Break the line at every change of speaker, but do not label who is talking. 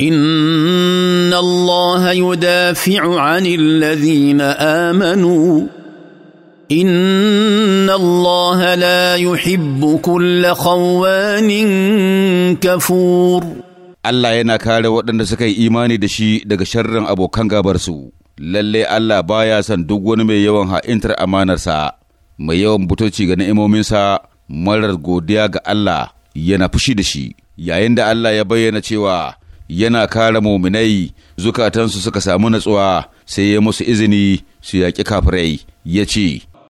ان الله يدافع عن الذين امنوا ان الله لا يحب
كل خوان كفور Allah yana kare waɗanda suka yi imani da shi daga sharrin abokan gabarsu, lalle Allah baya son duk wani mai yawan ha'intar amanarsa, mai yawan butoci ga na'imominsa, marar godiya ga Allah yana fushi da shi, yayin da Allah ya bayyana cewa yana kare muminai zukatansu suka samu natsuwa sai ya musu izini su yaƙi kafirai ya ce